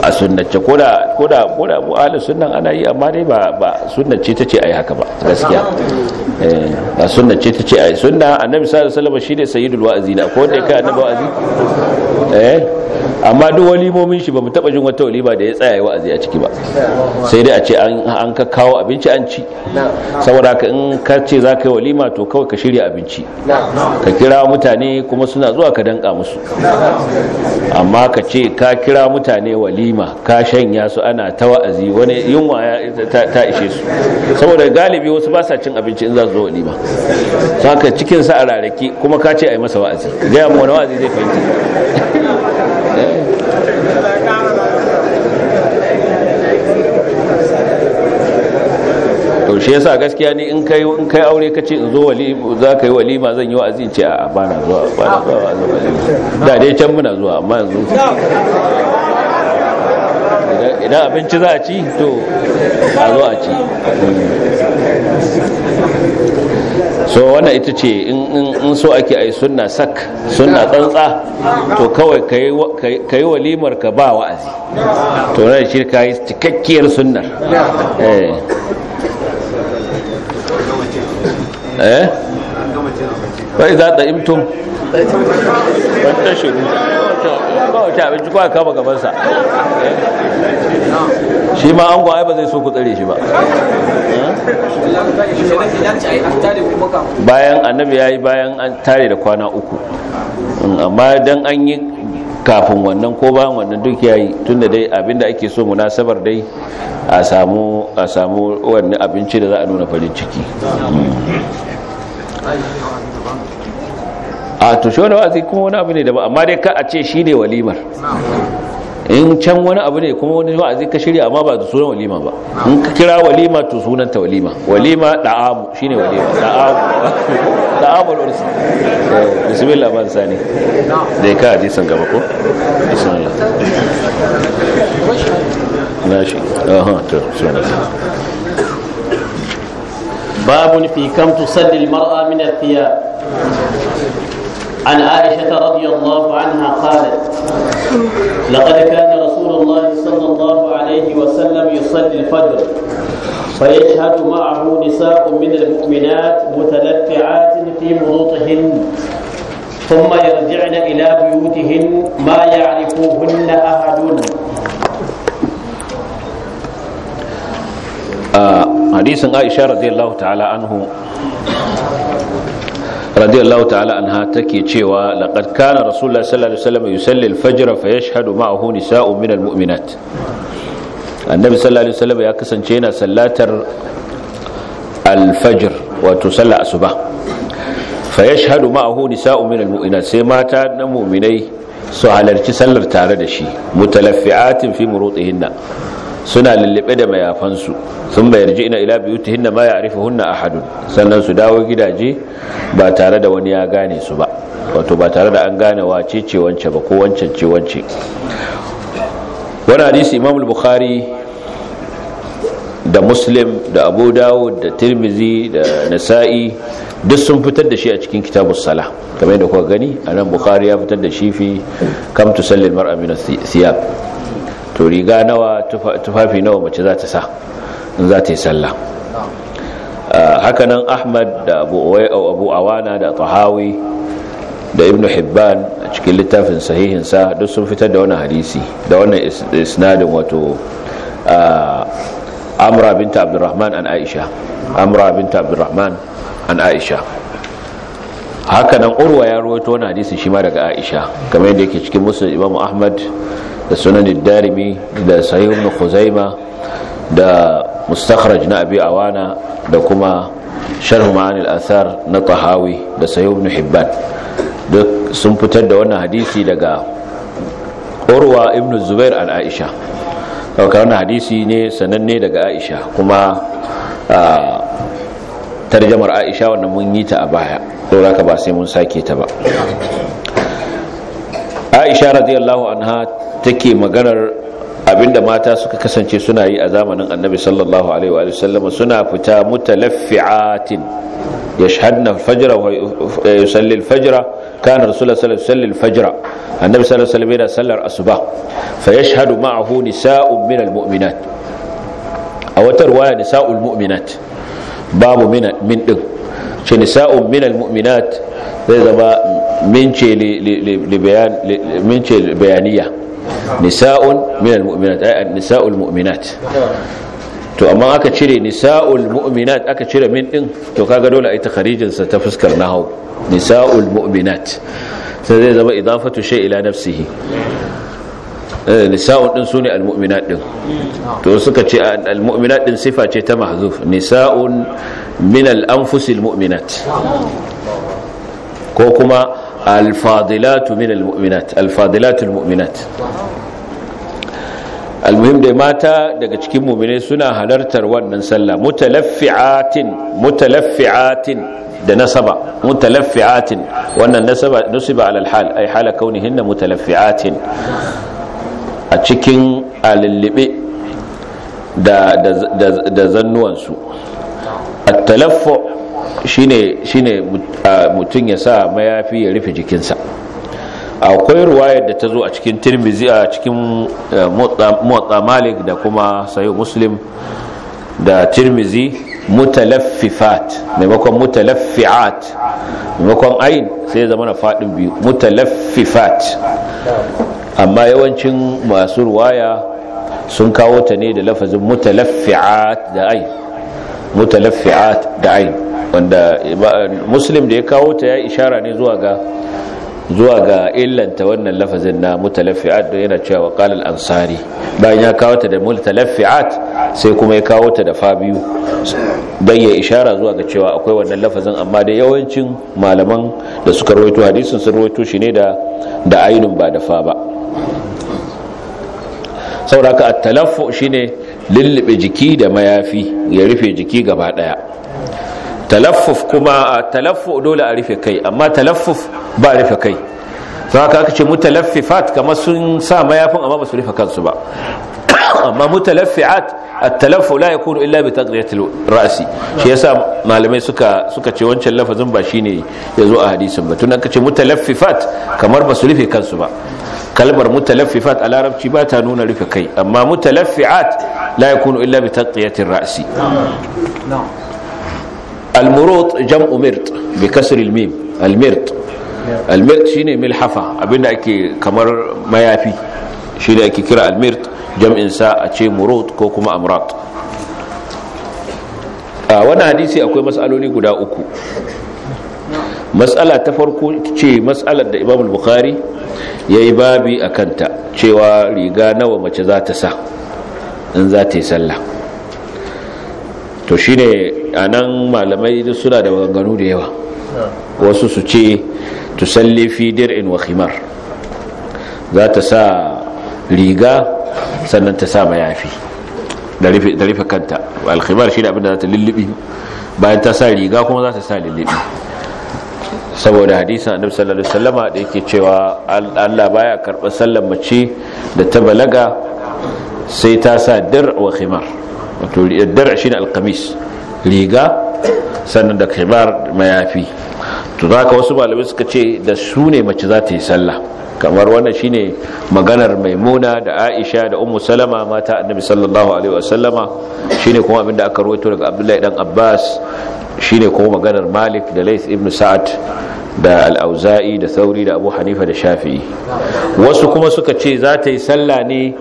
a sunnace ko da ko da ko mu ahli sunnan ana yi amma dai ba ba sunnace tace ai haka ba gaskiya eh ba sunnace tace ai sunna annabi sallallahu alaihi wasallam shine sayyidul wa'azi na ko da kai annabi wa'azi eh amma duk walimomin shi ba mu taba jin wata walima da ya tsaya yi wa'azi a ciki ba sai dai a ce an ka kawo abinci an ci saboda ka in ka ce za ka yi walima to kawai ka shirya abinci ka kira mutane kuma suna zuwa ka danka musu amma ka ce ka kira mutane walima ka shanya su ana ta wa'azi wani yunwa ta ishe su saboda galibi wasu ba sa cin abinci in za su zo walima saka cikin sa a rarraki kuma ka ce a yi masa wa'azi gaya mu wani wa'azi zai fahimta shi yasa gaskiya ni in kai in kai aure kace in zo walima za ka yi walima zan yi wa'azi ce a bana zuwa bana zuwa da dai can muna zuwa amma yanzu idan abinci za a ci to a zo a ci so wannan ita ce in so ake a yi suna sak suna tsantsa to kawai ka yi walimar ka ba wa'azi to rai shi ka yi cikakkiyar sunnar eh. eh fa idza da'imtum fantashiru ba wata abinci kwa kama gabansa shi ma an gwaye ba zai so ku tsare shi ba bayan annabi ya yi bayan an tare da kwana uku amma don an yi kafin wannan ko bayan wannan duk yayi tunda dai abinda ake so munasabar dai a samu a samu wannan abinci da za a nuna farin ciki a to shi wani wazi kuma wani abu ne da ba amma dai ka a ce shi ne walimar in can wani abu ne kuma wani wa'azi ka shirya amma ba da sunan walima ba in ka kira walima to sunan ta walima walima da'amu shine walima da'amu da'amul ursi eh, bismillah ban sani da ka hadisin gaba ko bismillah nashi aha to bismillah babun fi kam tusalli al-mar'a min al-thiyab عن عائشة رضي الله عنها قالت لقد كان رسول الله صلى الله عليه وسلم يصلي الفجر فيشهد معه نساء من المؤمنات متلفعات في بروطهن ثم يرجعن إلى بيوتهن ما يعرفوهن أحد آه، عائشة رضي الله تعالى عنه radiyallahu ta'ala anha take cewa laqad kana rasulullahi sallallahu alaihi wasallam yusalli al-fajr fa yashhadu ma'ahu nisa'un min al-mu'minat annabi sallallahu alaihi wasallam ya kasance yana sallatar al-fajr wato sallar asuba fa yashhadu ma'ahu nisa'un min al-mu'minat sai mata na mu'minai su halarci sallar tare da shi mutalaffi'atin fi murutihinna suna lullube da mayafansu sun bayarji ina ila biyu hinna ma ya arifi hunna hadun, sannan su dawo gidaje ba tare da wani ya gane su ba wato ba tare da an gane wace ce wance ba ko wancan ce wance wani hadisi imam bukhari da muslim da abu dawud da tirmizi da nasa'i duk sun fitar da shi a cikin kitabus sala kamar yadda kuka gani anan bukhari ya fitar da shi fi kamtu tusallil mar'a min to riga nawa tufafi nawa mace za ta sa in za ta yi sallah ah, hakanan ahmad da abu abu awana da tahawi da ibnu hibban a cikin littafin sahihinsa duk sun fitar da wani hadisi da wannan isnadin wato ah, amra binta abdurrahman an aisha amra binta abdurrahman an aisha hakanan urwa ya ruwaito wani hadisi shi ma daga aisha kamar yadda yake cikin musulun imamu ahmad da sunan darimi da sahih ibn khuzaima da mustakhraj na abi awana da kuma sharh al athar na tahawi da sahih ibn hibban duk sun fitar da wannan hadisi daga urwa ibn zubair al aisha kawai wannan hadisi ne sananne daga aisha kuma tarjamar aisha wannan mun yi ta a baya saboda ka ba sai mun sake ta ba aisha radiyallahu anha take maganar abinda mata suka kasance suna yi a zamanin annabi sallallahu alaihi wa sallam suna fita mutalaffi'atin yashhadna al-fajra wa yusalli al-fajra kana rasulullah sallallahu alaihi wasallam al-fajra annabi sallallahu alaihi wasallam yana sallar asuba fa yashhadu ma'ahu nisa'un min al-mu'minat a wata riwaya nisa'ul mu'minat babu min min din ce nisa'un min al-mu'minat zai zama ce bayaniya nisa'un minal mu'minat nisa'ul mu'minat to amma aka cire nisa'ul mu'minat aka cire min din to kaga dole ai takharijin sa ta fuskar nahwu nisa'ul mu'minat sai zai zama idafatu shay ila nafsihi eh, nisa'un din sune muminat din to suka ce al-muminat din sifa ce ta mahzuf nisa'un min al-anfusil mu'minat ko kuma alfadilatu min almu'minat alfadilatu almu'minat almuhim dai mata daga cikin mu'mine suna halartar wannan sallah mutalaffi'atin mutalaffi'atin da nasaba mutalaffi'atin wannan nasaba nusiba ala alhal ay hala kaunihinna mutalaffi'atin a cikin alillibe da da da zannuwansu at-talaffu shine uh, mutum ya sa mayafi ya rufe jikinsa akwai ruwayar da ta zo a cikin tirmizi a cikin uh, motsa malik da kuma sayo muslim da tirmizi mutalaffifat maimakon mutalaffi'at maimakon ayin sai zama na faɗin biyu mutalaffifat amma yawancin masu ruwaya sun kawo ta ne da lafazin mutalaffi'at da ayin da ayin wanda muslim da ya kawo ta ya ishara ne zuwa ga zuwa ga illanta wannan lafazin na mutalaffi'at don yana cewa qala al-ansari bayan ya kawo ta da mutalaffi'at sai kuma ya kawo ta da fabiyu don ya ishara zuwa ga cewa akwai wannan lafazin amma da yawancin malaman da suka rawaito hadisin sun rawaito shi ne da ainihin ba da fa ba sauraka at shi shine lullube jiki da mayafi ya rufe jiki gaba daya talaffuf kuma talaffu dole a rufe kai amma talaffuf ba a rufe kai saka aka ce mutalaffifat kamar sun sa mayafin amma ba su rufe kansu ba [coughs] amma mutalaffi'at at-talaffu la yakunu illa bi tagriyatil ra'si shi yasa malamai suka suka ce wancan lafazin ba shine yazo a hadisin ba tunan aka ce mutalaffifat kamar ba su rufe kansu ba kalmar mutalaffifat a larabci ba ta nuna rufe kai amma mutalaffi'at la yakunu illa bi tagriyatil ra'si na'am almurut jam'u mirt bi kasr almim almirt almirt shine milhafa abinda ake kamar mayafi shine ake kira almirt jam'in sa a ce murut ko kuma amrat a wannan hadisi akwai matsaloli guda uku matsala ta farko ce matsalar da imam bukhari ya yi babi a kanta cewa riga nawa mace za ta sa in za ta yi sallah to shi ne a nan malamai suna da maganganu da yawa wasu su ce tusalli fi dir'in wa khimar za ta sa riga sannan ta sa mayafi da rufe kanta alkhimar shi da abinda za ta lullubi bayan ta sa riga kuma za ta sa lullubi saboda hadisa annabi sallallahu da salama da yake cewa Allah baya karɓar sallar mace da ta balaga sai ta sa dir wa khimar wato dir shine alqamis riga sannan da khimar mayafi to zaka wasu malamai suka ce da su ne mace za ta yi sallah kamar wannan shine maganar maimuna da aisha da ummu salama mata annabi sallallahu alaihi wasallama shine kuma abin da aka rawaito daga abdullahi dan abbas shine kuma maganar malik da lais Ibnu sa'ad da al-auza'i da sauri da abu hanifa da shafi'i wasu kuma suka ce za ta yi sallah ne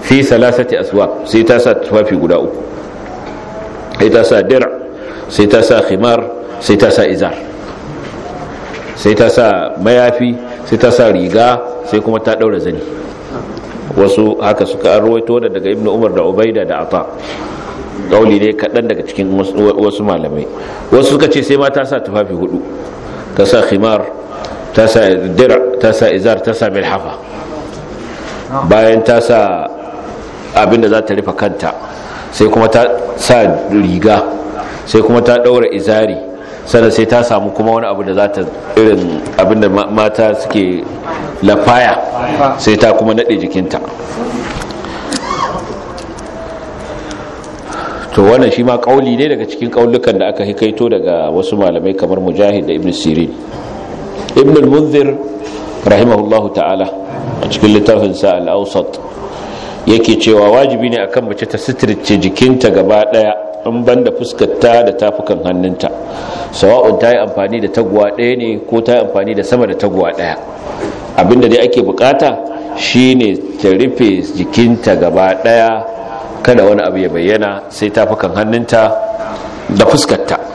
fi salasati aswaq sai ta sa tufafi guda uku sai ta sa dir sai ta sa khimar sai ta sa izar sai ta sa mayafi sai ta sa riga sai kuma ta daura zani wasu haka suka arwaito da daga ibnu umar da ubaida da ata kauli ne kaɗan daga cikin wasu malamai wasu suka ce sai ma ta sa tufafi hudu ta sa khimar ta sa dira ta sa izar ta sa milhafa bayan ta sa abinda za ta rufe kanta sai kuma ta sa riga sai kuma ta daura izari sannan sai ta samu kuma wani abu da za ta irin abinda mata suke lafaya sai ta kuma nade jikinta to wannan shi ma kauli ne daga cikin kaulukan da aka hikaito daga wasu malamai kamar mujahid da ibn sirin ibn al-munzir rahimahullahu ta'ala a cikin littafin sa al-awsat yake cewa wajibi ne akan mace ta sitirce jikinta gaba daya in banda fuskarta da tafukan hannunta sawa'un ta yi amfani da taguwa daya ne ko ta yi amfani da sama da taguwa daya abinda dai ake bukata shine ta rufe jikinta gaba daya kada wani abu ya bayyana sai tafukan hannunta da fuskarta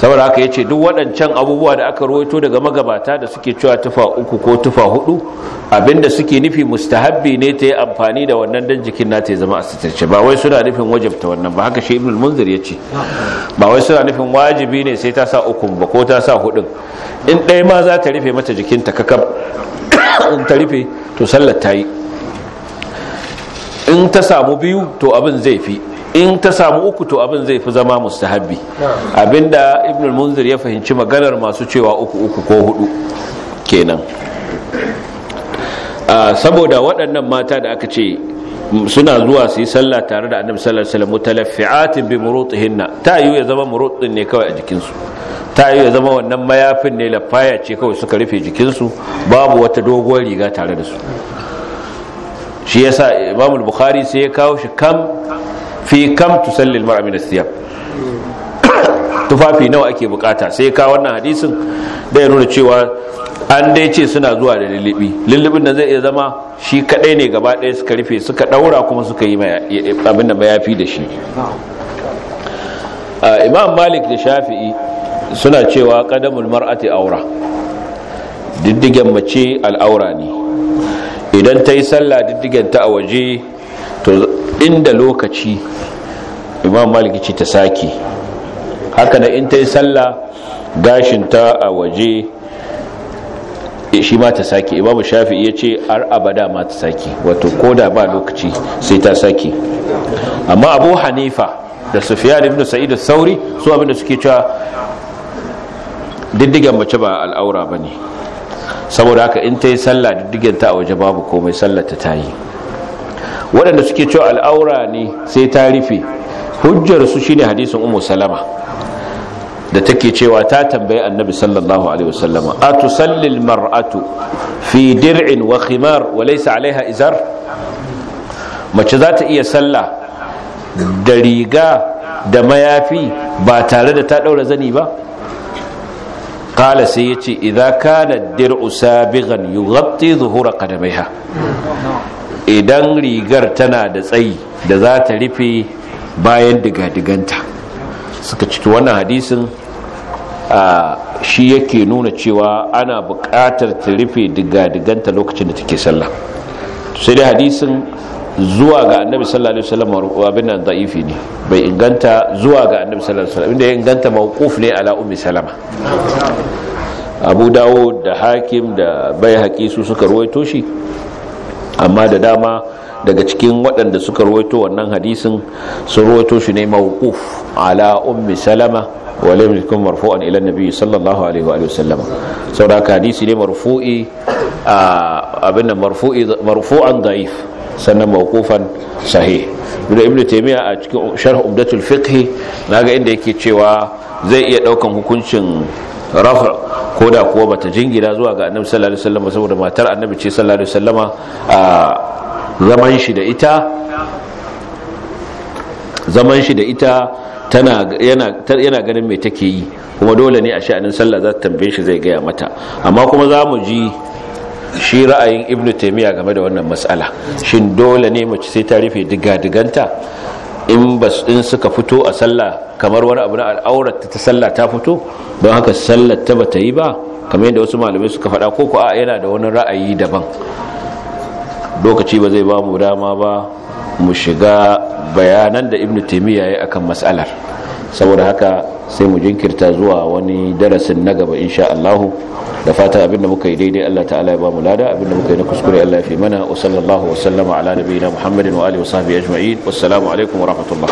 saboda haka ya ce duk waɗancan abubuwa da aka rawaito daga magabata da suke cewa tufa uku ko tufa hudu abinda suke nufi mustahabbi ne ta yi amfani da wannan dan jikin nata ya zama asitacce ba wai suna nufin wajibta wannan ba haka shi ibnul munzir ce. ba wai suna nufin wajibi ne sai ta sa uku ba ko ta sa hudun in ɗaya ma za ta rufe mata jikinta kakab [coughs] in ta rufe to sallar ta yi in ta samu biyu to abin zai fi in ta samu uku to abin zai fi zama mustahabbi abinda ibn munzir ya fahimci maganar masu cewa uku uku ko hudu kenan ah, saboda waɗannan mata da aka ce suna zuwa su yi sallah tare da annabi sallallahu alaihi wasallam mutalaffi'atin bi murutihinna ta yi ya zama murut ne kawai a jikinsu ta yi ya zama wannan mayafin ne lafaya ce kawai suka rufe jikinsu babu wata doguwar riga tare da su shi yasa imam bukhari sai ya kawo shi kam fi kam tusalli mara min as tufafi nawa ake bukata sai ka wannan hadisin da ya nuna cewa an dai ce suna zuwa da lullubi lullubin da zai iya zama shi kadai ne gaba ɗaya suka rufe suka daura kuma suka yi abin da mayafi da shi imam malik da shafi'i suna cewa kadamul mar'ati aura diddigen mace al'aura ne idan ta yi sallah diddigen ta a waje to inda lokaci imam malik ce ta sake haka da in ta yi sallah gashin ta a waje shi ma ta sake imam shafi ya ce har abada ma ta sake wato ko da ba lokaci sai ta sake amma abu hanifa da sufiyan ibn da sauri su abinda suke cewa diddigan mace ba al'aura ba ne, saboda haka in ta yi sallah diddigan ta a waje babu komai sallah ta tayi waɗanda suke cewa al'aura ne sai ta rufe hujjar su shine hadisin ummu salama da take cewa ta tambayi annabi sallallahu alaihi wasallama atusalli almar'atu fi dir'in wa khimar wa laysa alaiha izar mace za ta iya sallah da riga da mayafi ba tare da ta daura zani ba qala sai yace idza kana dir'u sabighan yughatti zuhura qadamaiha idan rigar tana da tsayi da za ta rufe bayan digadiganta suka cito wannan hadisin shi yake nuna cewa ana buƙatar ta rufe digadiganta lokacin da take sallah sai dai hadisin zuwa ga annabi sallallahu alaihi wasallam abin nan da'ifi ne bai inganta zuwa ga annabi sallallahu alaihi wasallam inda ya inganta mawquf ne ala ummi salama abu dawo da hakim da bai haƙi su suka ruwaito shi amma da dama daga cikin waɗanda suka ruwaito wannan hadisin sun ruwaito shi ne mawquf ala ummi salama wa lam yakun marfu'an ila nabi sallallahu alaihi wa sallama saboda hadisi ne marfu'i abinda marfu'i marfu'an da'if sannan mawqufan sahih da ibnu taymiya a cikin sharh umdatul fiqh naga inda yake cewa zai iya daukan hukuncin rafa ko da kuwa bata jingira zuwa ga annabi sallallahu alaihi wasallam saboda matar annabi ce sallallahu alaihi wasallama a zaman shi da ita zaman shi da ita yana ganin mai take yi kuma dole ne a sha'anin sallah za ta tambaye shi zai gaya mata amma kuma za mu ji shi ra'ayin ibnu taimiyya game da wannan matsala shin dole ne mace sai ta rufe diga-diganta in bas ɗin suka fito a sallah kamar wani abu na al'aurar ta sallah ta fito don haka sallar ta bata yi ba kamar yadda wasu malamai suka faɗa ko a yana da wani ra'ayi daban lokaci ba zai ba mu dama ba mu shiga bayanan da ibnu ya yi akan matsalar. saboda haka sai mu jinkirta zuwa wani darasin na gaba insha Allah da fata abinda muka yi daidai Allah ta'ala ya ba mu lada abinda muka yi na kuskure Allah ya fi mana wa sallallahu wa sallama ala nabiyina Muhammadin wa alihi wa sahbihi ajma'in wassalamu alaikum wa rahmatullah